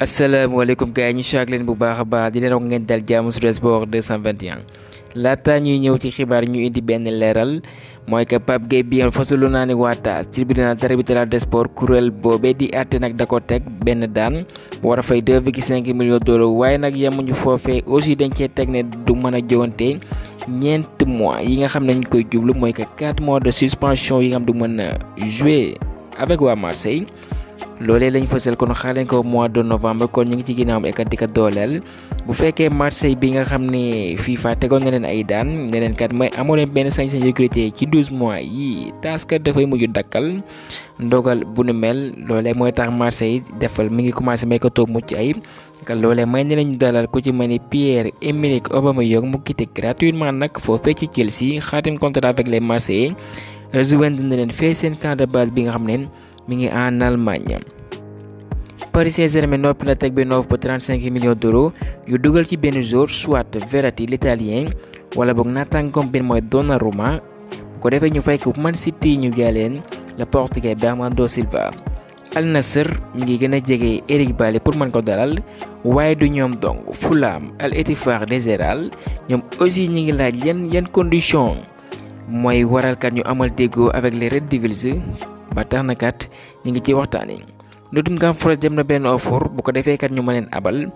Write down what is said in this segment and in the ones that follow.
asalaamaaleykum gars yi ñu chaag leen bu baax a baax di leen wax ngeen dal jaamu Sud Sport 221 laata ñuy ñëw ci xibaar ñu indi benn leeral mooy que Pape Gueye bi fasalu naa ne waa TAS tribunal territorial des sports kuréel boobee di àtte nag da ko teg benn daan bu war a fay 2,5 millions de dollars waaye nag yemuñu foofee aussi dañ cee teg ne du mën a jowante ñeent mois yi nga xam ne ñu koy jublu mooy que 4 mois de suspension yi nga xam du mën a jouer avec waa Marseille. loolee lañ fësal kon xaar leen ko mois de novembre kon ñu ngi ci ginnaawam ekat di ko dooleel bu fekkee Marseille bi nga xam ne FIFA tegoon na leen ay daan ne leen kat may amoo leen benn sañ-sañ ci 12 mois yi taaskat dafay mujj dakkal ndogal bu nu mel loolee mooy tax Marseille defal mi ngi commencé mercato mucc ayib loolee may ne lañu dalal ku ci mel ni Pierre-Emerick Aubameyang mu quitté gratuitement nag foo ci Chelsea xaatim contrat avec les Marseillais rejoindre na leen fee seen camp bi nga xam ne. mi ngi en Allemagne. Paris Saint-Germain noppi na teg benn offre ba 35 millions d'euros yu dugal ci benn jour soit Verratti l'italien wala boog naataangoom benn mooy Donnarumma bu ko defee ñu fay ko Man City ñu jaay le portugais Bernardo Silva. Al Nassr mi ngi gën a jege Eric Bailly pour man ko dalal waaye du ñoom donc Fulham Al Ettifaq Déséral ñoom aussi ñi ngi laaj yan yan condition mooy waralkat ñu amal déggoo avec les Red Devils. ba tax na kat ñu ngi ciy waxtaanee Nottingham Forest dem na benn offre bu ko defee kat ñu ma leen abal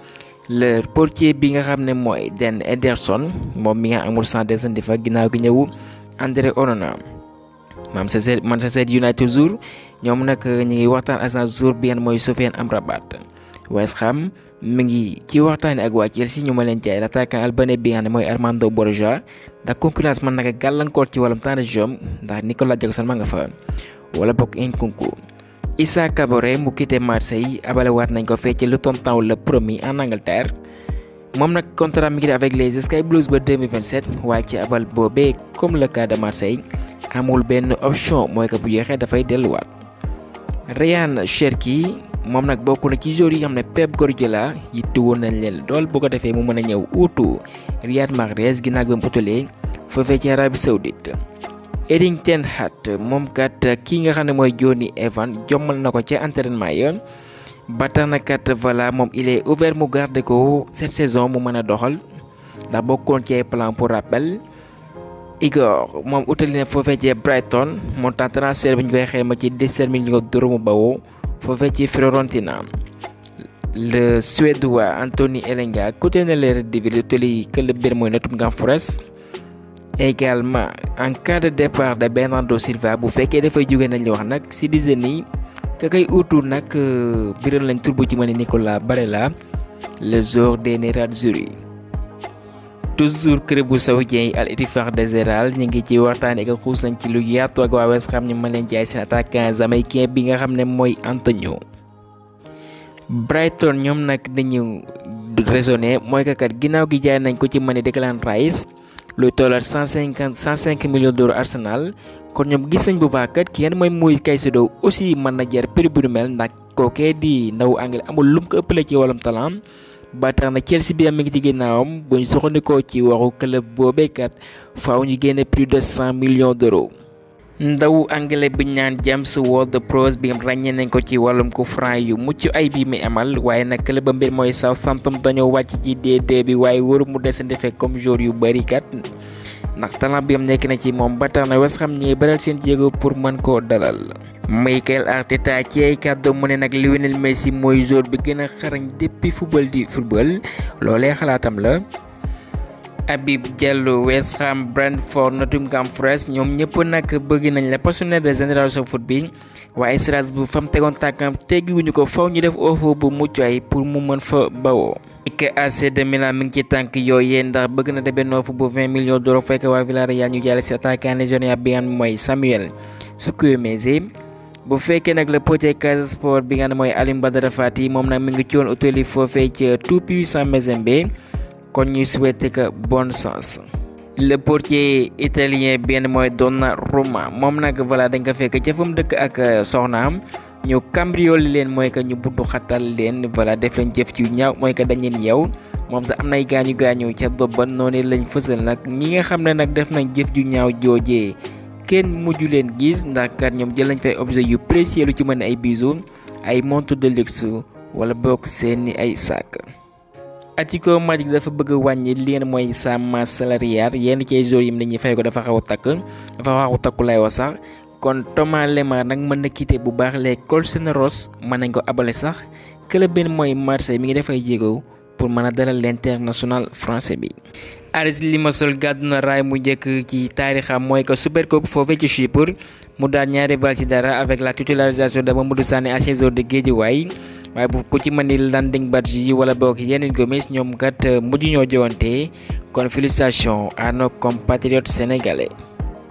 le portier bi nga xam ne mooy Den Ederson moom mi nga amul sans descente di fa ginnaaw gi ñëw André Onana. sa Manchester United jours ñoom nag ñu ngi waxtaan agence jour bi ngeen mooy Sofiane Amrabat West xam mi ngi ci yi ak waa Chelsea ñu ma leen jaay l'attaquant albanais bi nga xam ne mooy Armando Borja ndax concurrence man nag gàllankoor ci wàllum temps de jeu ndax Nicolas Jackson ma nga fa. wala bokk Nkunku Issa Kaboré mu quitté Marseille abalewaat nañ ko fee ci Luton Town la promis en Angleterre moom nag contrat mi ngi avec les Sky Blues ba 2027 waaye ci abal boobee comme le cas de amul benn option mooy que bu jeexee dafay delluwaat. Ryan Cherki moom nag bokk na ci joueurs yi nga xam ne Pep Guardiola yitti woon nañ leen dool boo ko defee mu mën a ñëw uutu Riyad Mahrez ginnaaw bi mu utalee foofee ci Arabie Saoudite. Edding Ten Hag moom kat eh, kii nga xam ne mooy Jonny Evans jommal na ko ca entraînement ya ba tax na kat voilà moom il est ouvert mu garder ko cette saison mu mën a doxal ndax bokkoon ci ay plan pour rappel Igor moom utali na foofee ci Brighton montant transfert bi ñu koy xayma ci 17 millions dërëmu bawoo foofee ci Fiorentina le suédois Anthony Elanga côté na les Red Devils utali club bi mooy Nottingham Forest. également en cas de départ de Bernardo Silva bu fekkee dafay jóge nañ la wax nag si disait nii ka koy utu nag euh, biral lañ tur bu ci mën Nicolas Barella le joueur des Nerazzurri toujours club bu saoudien yi Al Ettifaq de Zéral ñu ngi ci waxtaan ak xuus nañ ci lu yaatu ak waa West ñu mën leen jaay seen attaquant jamaïcain bi nga xam ne mooy Antonio Brighton ñoom nag dañu raisonné mooy kakat ginnaaw gi jaay nañ ko ci mën Declan Rice luy tollaat cent cinquante cent cinq millions d'euros Arsenal kon ñoom gis nañ bu baax kat ki yan mooy muy Caicedo aussi mën na jar prix bu nu mel ndax kookee di ndaw anglais amul lum ko ëppale ci wàllum talent ba tax na Chelsea bi am mi ngi ci ginnaawam bu ñu soxandikoo ci waxu club boobee kat faaw ñu génne plus de cent millions d'euros. ndaw anglais biñ naan James Ward-Prowse bi ràññee nañ ko ci wàllum coup franc yu mucc ay bi mi amal waaye nag club ba mbir mooy Southampton dañoo wàcc ci d bi waaye wóoru mu desandi fekk comme jour yu bari kat ndax talent bi am nekk na ci moom ba tax na West Ham ñee baral seen jéego pour mën koo dalal. Mikel Arteta ci ay kàddu mu ne nag Lionel Messi mooy joueur bi gën a xarañ depuis football di football loolee xalaatam la. Habib Diallo West Ham Brentford Nottingham Forest ñoom ñëpp nag bëgg nañ la passionné de génération foot bi waaye Strasbourg fam tegoon tànkam teggiwuñu ko faw ñu def offre bu mucc pour mu mën fa bawoo. ek AC de Milan ci tànk yooyee ndax bëgg na de bu 20 millions fekk waa Villarreal ñu jaale si attaquant nigérien bi nga mooy Samuel Chukwuemeze bu fekkee nag le potier Casa Sport bi nga mooy Alim Badara moom nag mi ci woon kon ñuy souhaité que bon chance. le portier italien benn mooy na Donnarumma moom nag voilà dañ ko fekk jëfam dëkk ak euh, soxnaam ñu cambriole leen mooy que ñu buntu xatal leen voilà def leen jëf ci ñaaw mooy que dañ leen yow moom sax am nay gaañu gaañu ca bëbban noonu lañ fësal nag ñi nga xam ne nag def nañ jëf yu ñaaw joojee kenn mujju leen gis ndax kat ñoom jël nañ fay objet yu précieux lu ci mën ay bijoux ay montre de luxe wala bokk seeni ay sac. Atiko Magic dafa bëgg a wàññi li ngeen mooy sa masse salariale yenn ci joueurs yi dañuy fay ko dafa xaw a takk dafa xaw a takku lay wax sax kon Thomas Lemar nag mën na quitter bu baax les colchoneros mën nañ ko abale sax club benn mooy Marseille mi ngi dafay jéego pour mën a dalal l'international français bi. Aris Limassol gàddu na raay mu njëkk ci taarixam mooy que Supercoupe foofee ci Chypre mu daal ñaari bal ci dara avec la titularisation de Mamadou Sané à 16 heures de waaye bu ku ci mën ni Landing Badji wala boog yenn gomis ñoom kat euh, mujj ñoo jowante kon félicitations à nos compatriotes sénégalais.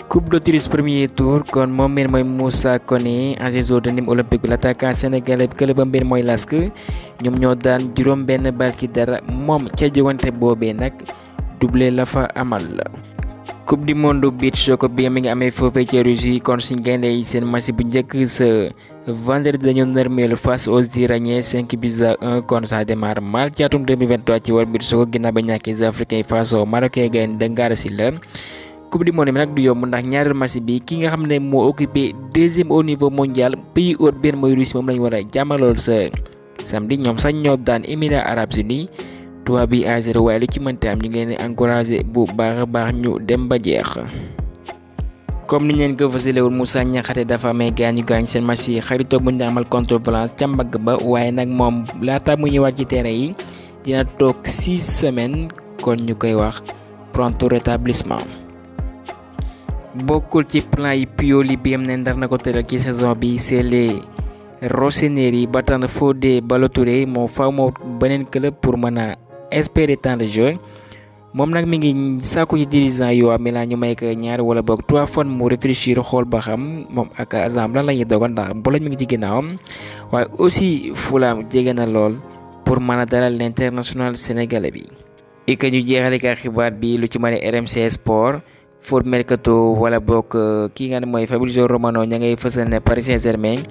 coupe de tir premier tour kon moom mbir mooy Moussa Koné ancien joueur de Nîmes Olympique bi l'attaquant sénégalais bi club mbir mooy LASK ñoom ñoo daan juróom benn bal dara moom ca jowante boobee nag doublé la fa amal. la coupe du monde beach soccer eh, bi mi ngi amee foofee ci Russie kon suñ gaynde yi seen match bu njëkk sa vendredi dañu nërmeel face aux Iraniens 5 buts à 1 kon ça démarre mal ci atum 2023 ci World Beach Soccer ginnaaw ba ñàkkee africain face aux Marocains gaynde de Ngaarasila coupe du monde bi nag du yomb ndax ñaareel match bi ki nga xam ne occupé deuxième au niveau mondial pays européen mooy Russie moom lañu war jamalol jàmmalool samedi ñoom sax ñoo daan Émirats Arabes Unis 3 bi à 0 waaye lu ci mënta am ñu ngi leen di encouragé bu baax a baax ñu dem ba jeex. comme ni leen ko fasile woon Moussa Niakhaté dafa amee gaañu gaañ seen match yi xaritoo bu ñu amal contre Valence ca mbagg ba waaye nag moom laata mu ñëwaat ci terrain yi dina toog 6 semaines kon ñu wax pronto rétablissement. bokkul ci plan yi Pioli bi am ndar na ko ci saison bi c'est les Rossoneri ba Fodé Ballo-Touré moo faw moo club pour mën espérer temps de moom nag mi ngi sàkku ci dirigeant yi waa ñu may ko ñaari wala boog trois fois mu réfléchir xool ba xam moom ak Azam lan la ñuy dogal ndax Bologne mi ngi ci am waaye aussi Fulham jege na lool pour mën a dalal l'international sénégalais bi. ik ñu jeexale ka xibaar bi lu ci mën a RMC Sport. foot mercato wala bokk euh, ki nga ne mooy Fabrizio Romano ña ngay fësal ne Paris saint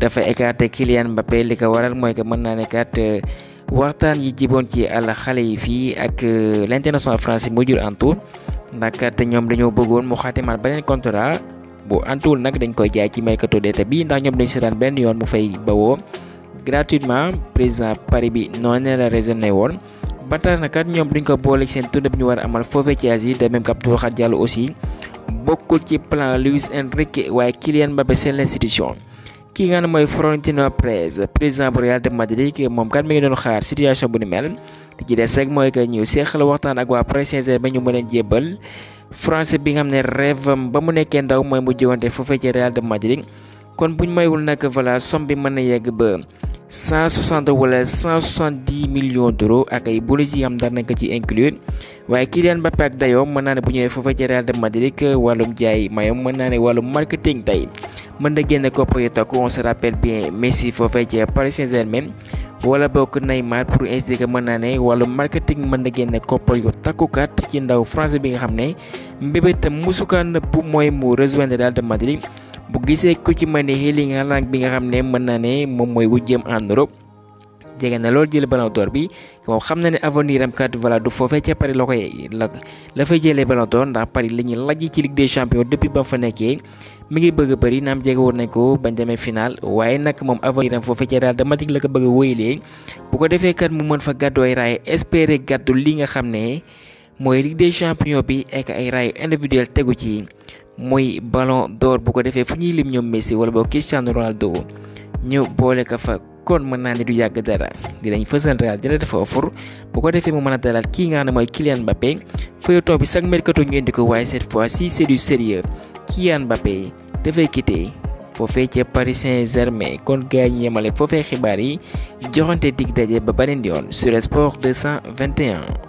dafa écarté Kylian Mbappé li ko waral mooy que mën naa ne kat euh, waxtaan yi jiboon ci àll xale yi fii ak eh, l'international français moo jur antu ndax te ñoom dañoo bëggoon mu xaatimaat beneen contrat bu antuwul nag dañ koy jaay ci mercato d'été bi ndax ñoom dañu seetaan benn yoon mu fay bawoo gratuitement président Paris bi noonu la raisonné woon ba tax na kat duñ ko boole seen tournée ñu war amal foofee ci Asie de même que Abdou Khadir aussi ci plan Luis Enrique waaye Kylian Mbappé l'institution ki nga ne mooy Florentino Perez président bu Real de Madrid moom kat mi ngi doon xaar situation bu ni mel li ci des rek mooy que ñu seexal waxtaan ak waa Paris Saint-Germain ba ñu mën leen jébbal français bi nga xam ne rêve ba mu nekkee ndaw mooy mu jiwante foofee ci Real de Madrid kon buñ maywul nag voilà somme bi mën na yegg ba 160 wala 170 millions d'euros ak ay bonus yi am dara nañ ko ci inclure waaye kii leen Mbappé ak dayoom mën naa ne bu ñëwee foofee ci Real de Madrid wàllum jaay mayom mën naa ne wàllum marketing tey mën na génne koppar yu takku on se rappelle bien Messi foofee ci Paris Saint-Germain wala bokk Neymar pour ainsi mën na ne wàllu marketing mën na génne koppar yu takkukat ci ndaw français bi nga xam ne mbébétam musuka nëbbu mooy mu rejoindre Real de Madrid bu gisee ku ci mën a Erling Haaland bi nga xam ne mën naa ne moom mooy wujjeem en Europe. jege na loolu jël ballon d'or bi moom xam na ne avenir am kat voilà foofee ca Paris la koy la la fay jëlee ballon d'or ndax Paris la ñuy lajj ci Ligue des champions depuis ba fa nekkee mi ngi bëgg a bëri naam jege woon nañ ko bañ waaye nag moom avenir am foofee ca Real de Madrid la ko bëgg a wóoyalee bu ko defee kat mu mën fa gàddu ay raay espérer gàddu li nga xam ne mooy Ligue des champions bi ak ay raay individuel tegu ci mooy ballon d'or bu ko defee fu ñuy lim ñoom Messi wala boog Cristiano Ronaldo kon mën naa ne du yàgg dara dinañ fësal Real dina def offre bu ko defee mu mën a dalal kii nga xam ne mooy Kylian Mbappé feuilleton bi chaque mercato ñu di ko waaye cette fois ci c'est du sérieux Kylian Mbappé dafay quitter foofee ca Paris Saint-Germain kon gars ñu yemale foofee xibaar yi joxante dig daje ba beneen yoon sur Sport 221.